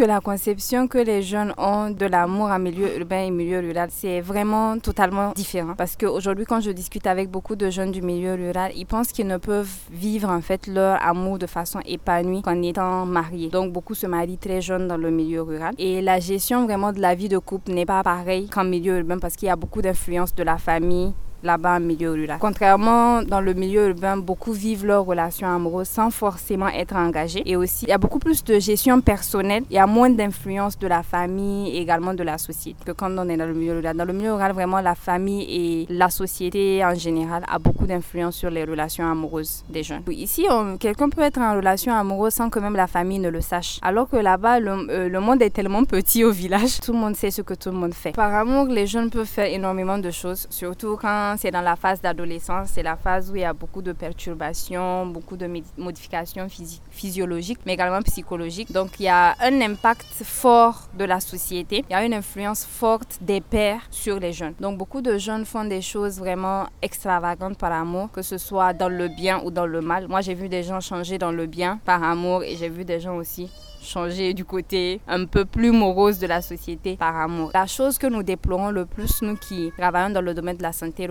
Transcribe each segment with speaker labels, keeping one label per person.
Speaker 1: que la conception que les jeunes ont de l'amour en milieu urbain et milieu rural, c'est vraiment totalement différent. Parce qu'aujourd'hui, quand je discute avec beaucoup de jeunes du milieu rural, ils pensent qu'ils ne peuvent vivre en fait leur amour de façon épanouie qu'en étant mariés. Donc beaucoup se marient très jeunes dans le milieu rural. Et la gestion vraiment de la vie de couple n'est pas pareille qu'en milieu urbain parce qu'il y a beaucoup d'influence de la famille, là-bas en milieu rural. Contrairement dans le milieu urbain, beaucoup vivent leurs relations amoureuses sans forcément être engagés. Et aussi, il y a beaucoup plus de gestion personnelle, il y a moins d'influence de la famille et également de la société que quand on est dans le milieu rural. Dans le milieu rural, vraiment, la famille et la société en général a beaucoup d'influence sur les relations amoureuses des jeunes. Ici, quelqu'un peut être en relation amoureuse sans que même la famille ne le sache. Alors que là-bas, le, euh, le monde est tellement petit au village, tout le monde sait ce que tout le monde fait. Par amour, les jeunes peuvent faire énormément de choses, surtout quand c'est dans la phase d'adolescence, c'est la phase où il y a beaucoup de perturbations, beaucoup de modifications physiologiques, mais également psychologiques. Donc il y a un impact fort de la société, il y a une influence forte des pères sur les jeunes. Donc beaucoup de jeunes font des choses vraiment extravagantes par amour, que ce soit dans le bien ou dans le mal. Moi j'ai vu des gens changer dans le bien par amour et j'ai vu des gens aussi changer du côté un peu plus morose de la société par amour. La chose que nous déplorons le plus, nous qui travaillons dans le domaine de la santé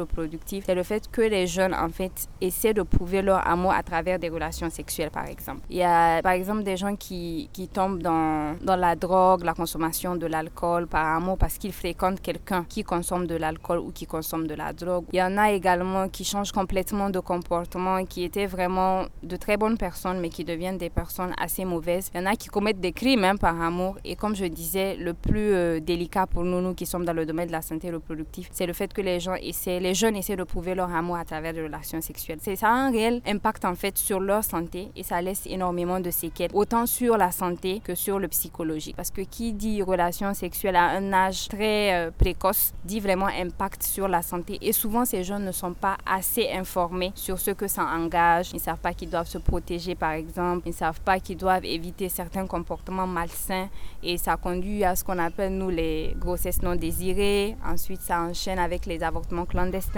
Speaker 1: c'est le fait que les jeunes, en fait, essaient de prouver leur amour à travers des relations sexuelles, par exemple. Il y a, par exemple, des gens qui, qui tombent dans, dans la drogue, la consommation de l'alcool par amour parce qu'ils fréquentent quelqu'un qui consomme de l'alcool ou qui consomme de la drogue. Il y en a également qui changent complètement de comportement, qui étaient vraiment de très bonnes personnes, mais qui deviennent des personnes assez mauvaises. Il y en a qui commettent des crimes même hein, par amour. Et comme je disais, le plus euh, délicat pour nous, nous qui sommes dans le domaine de la santé reproductive, c'est le fait que les gens essaient, les jeunes essaient de prouver leur amour à travers des relations sexuelles. Ça a un réel impact en fait sur leur santé et ça laisse énormément de séquelles, autant sur la santé que sur le psychologique. Parce que qui dit relation sexuelle à un âge très euh, précoce dit vraiment impact sur la santé. Et souvent, ces jeunes ne sont pas assez informés sur ce que ça engage. Ils ne savent pas qu'ils doivent se protéger, par exemple. Ils ne savent pas qu'ils doivent éviter certains comportements malsains. Et ça conduit à ce qu'on appelle, nous, les grossesses non désirées. Ensuite, ça enchaîne avec les avortements clandestins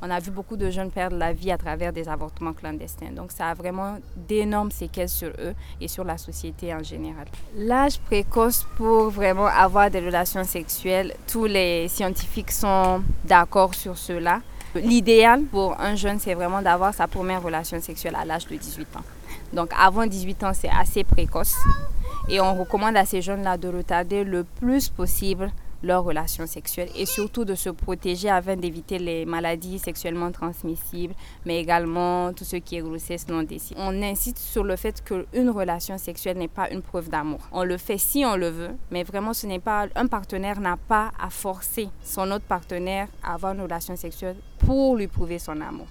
Speaker 1: on a vu beaucoup de jeunes perdre la vie à travers des avortements clandestins. Donc ça a vraiment d'énormes séquelles sur eux et sur la société en général. L'âge précoce pour vraiment avoir des relations sexuelles, tous les scientifiques sont d'accord sur cela. L'idéal pour un jeune, c'est vraiment d'avoir sa première relation sexuelle à l'âge de 18 ans. Donc avant 18 ans, c'est assez précoce. Et on recommande à ces jeunes-là de retarder le plus possible leurs relations sexuelles et surtout de se protéger afin d'éviter les maladies sexuellement transmissibles, mais également tout ce qui est grossesse non désirée. On insiste sur le fait qu'une relation sexuelle n'est pas une preuve d'amour. On le fait si on le veut, mais vraiment ce n'est pas un partenaire n'a pas à forcer son autre partenaire à avoir une relation sexuelle pour lui prouver son amour.